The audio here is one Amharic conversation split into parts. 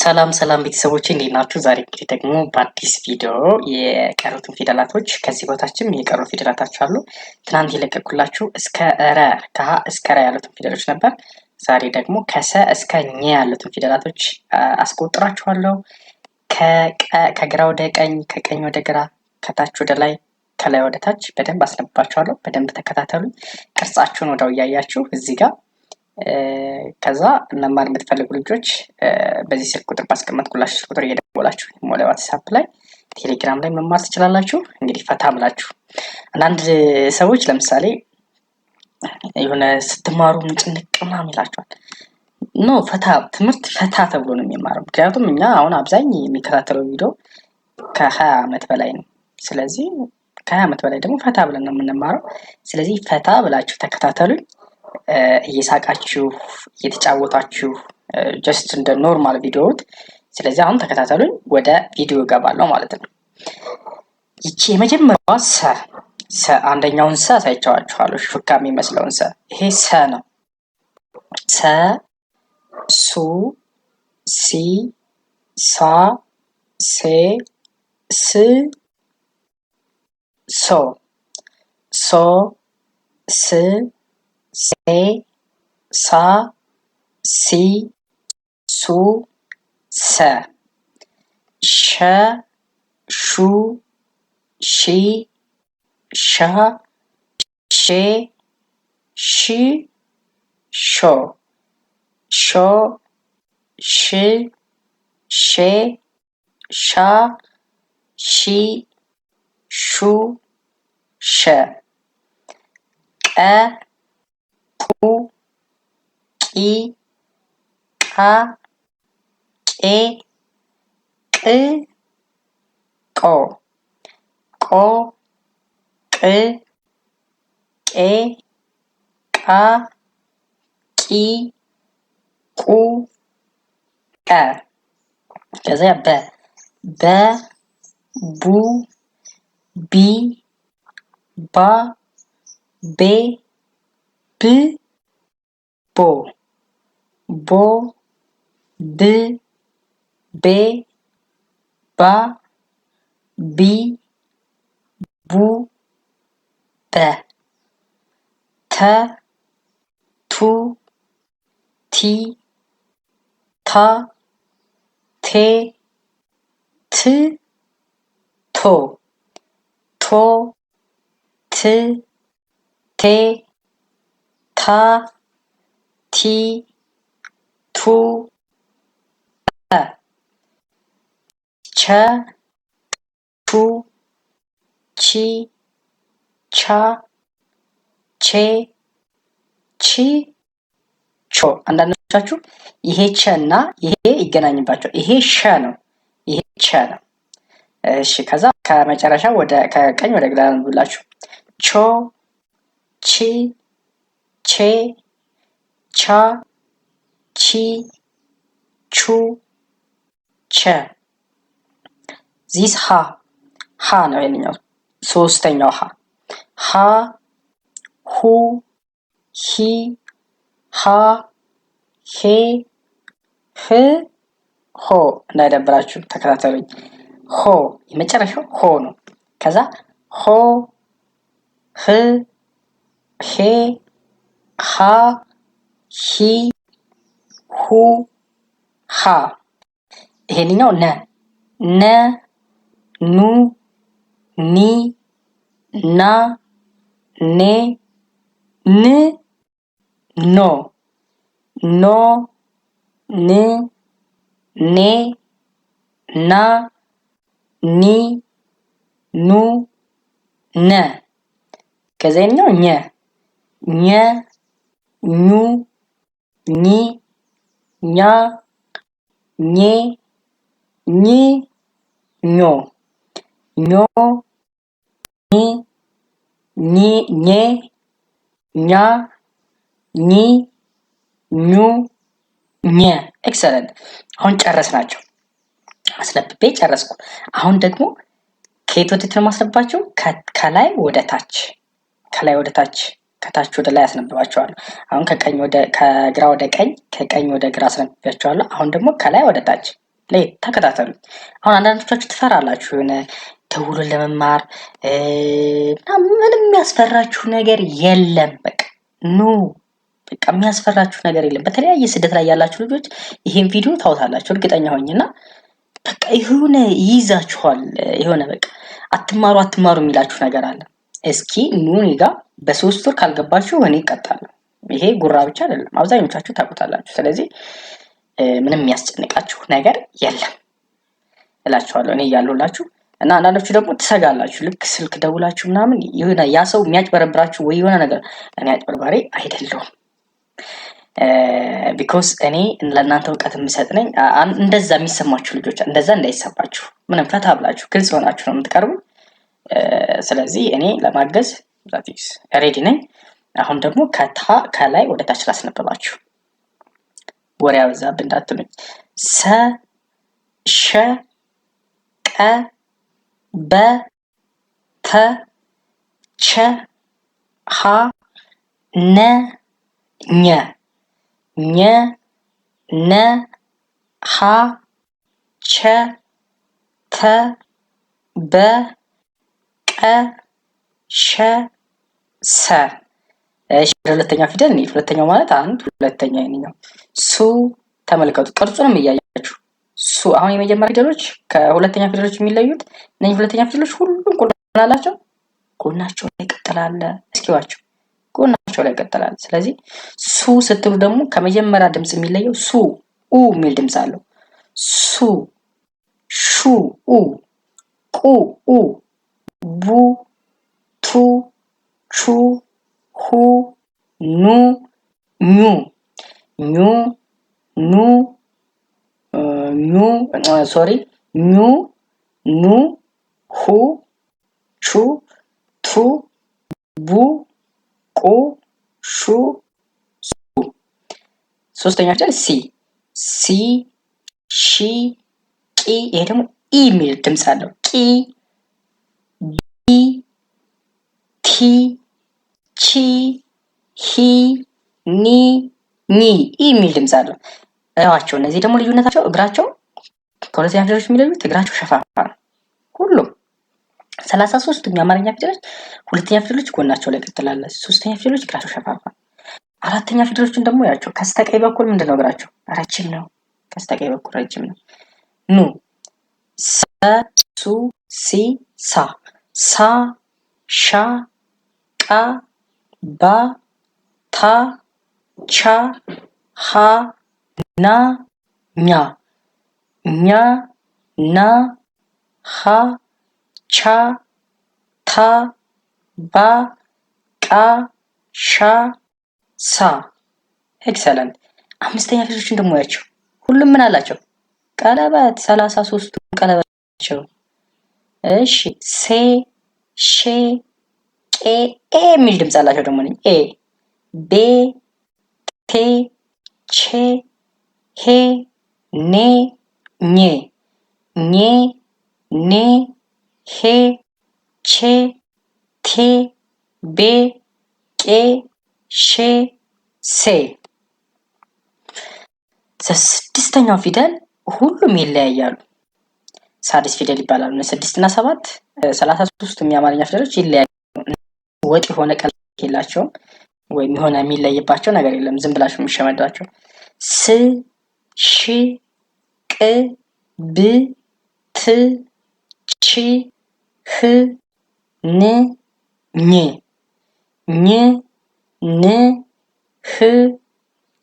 ሰላም ሰላም ቤተሰቦች እንዴት ናችሁ? ዛሬ እንግዲህ ደግሞ በአዲስ ቪዲዮ የቀሩትን ፊደላቶች ከዚህ ቦታችም የቀሩ ፊደላቶች አሉ። ትናንት የለቀኩላችሁ እስከ ረ ከሀ እስከ ረ ያሉትን ፊደሎች ነበር። ዛሬ ደግሞ ከሰ እስከ ኘ ያሉትን ፊደላቶች አስቆጥራችኋለሁ። ከግራ ወደ ቀኝ፣ ከቀኝ ወደ ግራ፣ ከታች ወደ ላይ፣ ከላይ ወደ ታች በደንብ አስነብባችኋለሁ። በደንብ ተከታተሉ። ቅርጻችሁን ወደው እያያችሁ እዚህ ጋር ከዛ መማር የምትፈልጉ ልጆች በዚህ ስልክ ቁጥር ባስቀመጥኩላችሁ ስልክ ቁጥር እየደወላችሁ ወደ ዋትሳፕ ላይ ቴሌግራም ላይ መማር ትችላላችሁ። እንግዲህ ፈታ ብላችሁ አንዳንድ ሰዎች ለምሳሌ የሆነ ስትማሩ ጭንቅ ምናምን ይላቸዋል። ኖ ፈታ ትምህርት ፈታ ተብሎ ነው የሚማረው። ምክንያቱም እኛ አሁን አብዛኛው የሚከታተለው ቪዲዮ ከሀያ ዓመት በላይ ነው። ስለዚህ ከሀያ ዓመት በላይ ደግሞ ፈታ ብለን ነው የምንማረው። ስለዚህ ፈታ ብላችሁ ተከታተሉኝ። እየሳቃችሁ እየተጫወታችሁ ጀስት እንደ ኖርማል ቪዲዮት። ስለዚህ አሁን ተከታተሉኝ፣ ወደ ቪዲዮ እገባለሁ ማለት ነው። ይቺ የመጀመሪያዋ ሰ ሰ አንደኛውን ሰ ሳይቸዋችኋለሁ፣ ሹካ የሚመስለውን ሰ። ይሄ ሰ ነው። ሰ ሱ ሲ ሳ ሴ ስ ሶ ሶ ስ Se, sa, si, su, se. Ş, şu, şi, şa, şe, şi, şo. Şo, şi, şe, şa, şi, şu, şe. E, ቁ ቂ ቃ ቄ ቅ ቆ ቆ ቅ ቄ ቃ ቂ ቁ ቀ ከዚያ በ በ ቡ ቢ ባ ቤ ብ bo, bo, d, be, ba, bi, bu, be, te, tu, ti, ta, te, t, to, to, t, te, ta, t ቱ ቸ ቹ ቺ ቻ ቼ ቺ ቾ። አንዳንዶቻችሁ ይሄ ቸ እና ይሄ ይገናኝባቸው። ይሄ ሸ ነው፣ ይሄ ቸ ነው። እሺ፣ ከዛ ከመጨረሻ ወደ ከቀኝ ወደ ግራ ብላችሁ ቾ ቺ ቼ ቻ ቺ ቹ ቸ ዚስ ሀ ሀ ነው የኛው ሶስተኛው ሀ ሀ ሁ ሂ ሃ ሄ ህ ሆ እንዳይደብራችሁ ተከታተሉኝ። ሆ የመጨረሻው ሆ ነው። ከዛ ሆ ህ ሄ ሃ ሂ ሁ ሃ ይሄንኛው ነ ነ ኑ ኒ ና ኔ ን ኖ ኖ ን ኔ ና ኒ ኑ ነ ከዚያኛው ኘ ኘ ኙ ñi, ña, ñe, ñi, ño, ño, ñi, ñe, ña, ኚ፣ ኙ፣ ኘ። ኤክሰለንት። አሁን ጨረስናቸው። አስነብቤ ጨረስኩ። አሁን ደግሞ ከየት ወዴት ነው የማስነባቸው? ከላይ ወደ ታች፣ ከላይ ወደ ታች ከታች ወደ ላይ አስነብባቸዋለሁ። አሁን ከቀኝ ወደ ከግራ ወደ ቀኝ፣ ከቀኝ ወደ ግራ አስነብባቸዋለሁ። አሁን ደግሞ ከላይ ወደ ታች ላይ ተከታተሉ። አሁን አንዳንዶቻችሁ ትፈራላችሁ የሆነ ደውሉን ለመማር ምንም የሚያስፈራችሁ ነገር የለም። በቃ ኑ በቃ የሚያስፈራችሁ ነገር የለም። በተለያየ ስደት ላይ ያላችሁ ልጆች ይሄን ቪዲዮ ታውታላችሁ እርግጠኛ ሆኝና በቃ የሆነ ይይዛችኋል። የሆነ በቃ አትማሩ አትማሩ የሚላችሁ ነገር አለ። እስኪ ኑ እኔ ጋ በሶስት ወር ካልገባችሁ እኔ እቀጣለሁ። ይሄ ጉራ ብቻ አይደለም፣ አብዛኞቻችሁ ታውቁታላችሁ። ስለዚህ ምንም የሚያስጨንቃችሁ ነገር የለም እላችኋለሁ እኔ እያለሁላችሁ እና አንዳንዶቹ ደግሞ ትሰጋላችሁ። ልክ ስልክ ደውላችሁ ምናምን የሆነ ያ ሰው የሚያጭበረብራችሁ ወይ የሆነ ነገር። እኔ አጭበርባሪ አይደለሁም። ቢኮስ እኔ ለእናንተ እውቀት የምሰጥ ነኝ። እንደዛ የሚሰማችሁ ልጆች እንደዛ እንዳይሰማችሁ ምንም ፈታ ብላችሁ ግልጽ ሆናችሁ ነው የምትቀርቡ። ስለዚህ እኔ ለማገዝ ዛቲስ ሬዲ ነኝ። አሁን ደግሞ ከታ ከላይ ወደ ታች ላስነበባችሁ ወሬ ያበዛብ እንዳትሉኝ። ሰ ሸ ቀ በ ተ ቸ ሀ ነ ኘ ኘ ነ ሀ ቸ ተ በ ሸ ሰ ሁለተኛ ፊደል እኔ ሁለተኛው ማለት አንድ ሁለተኛ ይኸኛው ሱ ተመልከቱ። ቅርጹንም እያያችሁ ሱ አሁን የመጀመሪያ ፊደሎች ከሁለተኛ ፊደሎች የሚለዩት እነዚህ ሁለተኛ ፊደሎች ሁሉም ቁና አላቸው። ጎናቸው ላይ ቀጥላለ። እስኪዋቸው ጎናቸው ላይ ቀጥላለ። ስለዚህ ሱ ስትሉ ደግሞ ከመጀመሪያ ድምፅ የሚለየው ሱ ኡ የሚል ድምፅ አለው። ሱ ሹ ኡ ቁ ኡ ቡ ቱ ቹ ሁ ኑ ኙ ኙ ኑ ኙ ሶሪ ኙ ኑ ሁ ቹ ቱ ቡ ቁ ሹ ሱ ሶስተኛ ፊደል ሲ ሲ ሺ ቂ ይሄ ደግሞ ኢ የሚል ድምፅ አለው ቂ ቲ ቺ ሂ ኒ ኒ የሚል ድምፅ አለው። እዋቸው እነዚህ ደግሞ ልዩነታቸው እግራቸው ከሁለተኛ ፊደሎች የሚለዩት እግራቸው ሸፋፋ ነው። ሁሉም ሰላሳ ሶስት የአማርኛ ፊደሎች ሁለተኛ ፊደሎች ጎናቸው ላይ ቀጥላለ። ሶስተኛ ፊደሎች እግራቸው ሸፋፋ። አራተኛ ፊደሎችን ደግሞ ያቸው ከስተቀኝ በኩል ምንድን ነው እግራቸው ረጅም ነው። ከስተቀኝ በኩል ረጅም ነው። ኑ ሰ ሱ ሲ ሳ ሳ ሻ ቃ ባ ታ ቻ ሃ ና ኛ ኛ ና ሃ ቻ ታ ባ ቃ ሻ ሳ ኤክሰለንት። አምስተኛ ፊዞችን ደግሞ ያቸው ሁሉም ምን አላቸው? ቀለበት ሰላሳ ሶስቱ ቀለበት ናቸው። እሺ ሴ ሼ ቄ ኤ የሚል ድምፅ አላቸው ደግሞ ነኝ ኤ ቤ ቴ ቼ ሄ ኔ ኜ ኜ ኔ ሄ ቼ ቴ ቤ ቄ ሼ ሴ ስድስተኛው ፊደል ሁሉም ይለያያሉ። ሳድስ ፊደል ይባላሉ። ስድስት እና ሰባት ሰላሳ ሶስቱም የአማርኛ ፊደሎች ይለያሉ። ወጥ የሆነ ቀለም የላቸውም ወይም የሆነ የሚለይባቸው ነገር የለም። ዝም ብላቸው የሚሸመዷቸው ስ ሺ ቅ ብ ት ቺ ህ ን ኝ ኝ ን ህ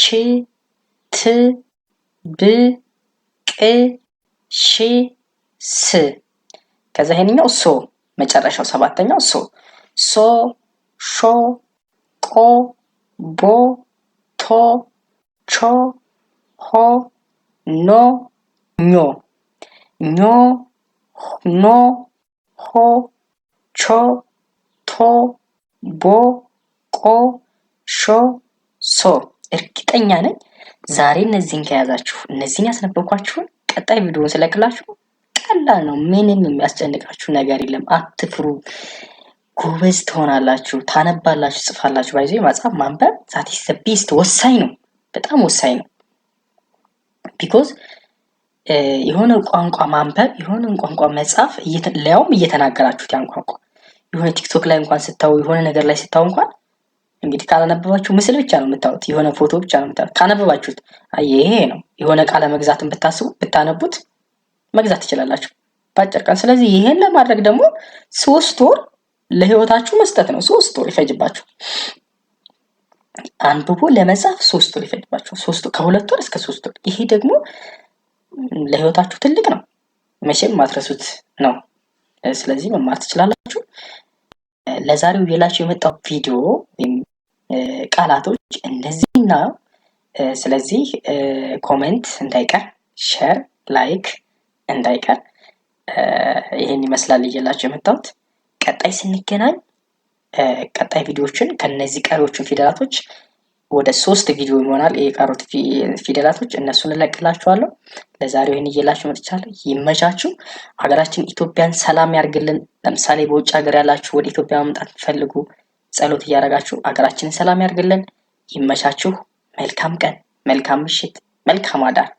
ቺ ት ብ ቅ ሺ ስ ከዛ ይሄንኛው ሶ መጨረሻው ሰባተኛው ሶ ሶ ሾ ቆ ቦ ቶ ቾ ሆ ኖ ኞ ኞ ኖ ሆ ቾ ቶ ቦ ቆ ሾ ሶ እርግጠኛ ነኝ ዛሬ እነዚህን ከያዛችሁ እነዚህን ያስነበብኳችሁን ቀጣይ ቪዲዮውን ስለቅላችሁ ቀላል ነው። ምንም የሚያስጨንቃችሁ ነገር የለም። አትፍሩ። ጎበዝ ትሆናላችሁ። ታነባላችሁ፣ ጽፋላችሁ። ባይዞ መጽሐፍ ማንበብ ዛቲስ ወሳኝ ነው፣ በጣም ወሳኝ ነው። ቢኮዝ የሆነ ቋንቋ ማንበብ የሆነን ቋንቋ መጽሐፍ ሊያውም እየተናገራችሁት ያን ቋንቋ የሆነ ቲክቶክ ላይ እንኳን ስታዩ የሆነ ነገር ላይ ስታዩ እንኳን እንግዲህ ካላነበባችሁ ምስል ብቻ ነው የምታዩት፣ የሆነ ፎቶ ብቻ ነው የምታዩት። ካነበባችሁት ይሄ ነው የሆነ ቃለ መግዛትን ብታስቡ ብታነቡት መግዛት ትችላላችሁ በአጭር ቀን። ስለዚህ ይሄን ለማድረግ ደግሞ ሶስት ወር ለህይወታችሁ መስጠት ነው። ሶስት ወር ይፈጅባችሁ አንብቦ ለመጻፍ ሶስት ወር ይፈጅባችሁ። ሶስት ከሁለት ወር እስከ ሶስት ወር። ይሄ ደግሞ ለህይወታችሁ ትልቅ ነው። መቼም ማትረሱት ነው። ስለዚህ መማር ትችላላችሁ። ለዛሬው ይዤላችሁ የመጣው ቪዲዮ ወይም ቃላቶች እነዚህና፣ ስለዚህ ኮሜንት እንዳይቀር ሸር ላይክ እንዳይቀር። ይህን ይመስላል እየላቸው የመጣሁት። ቀጣይ ስንገናኝ ቀጣይ ቪዲዮዎችን ከነዚህ ቀሪዎችን ፊደላቶች ወደ ሶስት ቪዲዮ ይሆናል የቀሩት ፊደላቶች እነሱን እለቅላችኋለሁ። ለዛሬው ይህን እየላችሁ መጥቻለሁ። ይመቻችሁ። ሀገራችን ኢትዮጵያን ሰላም ያርግልን። ለምሳሌ በውጭ ሀገር ያላችሁ ወደ ኢትዮጵያ መምጣት ፈልጉ፣ ጸሎት እያደረጋችሁ ሀገራችንን ሰላም ያርግልን። ይመቻችሁ። መልካም ቀን፣ መልካም ምሽት፣ መልካም አዳር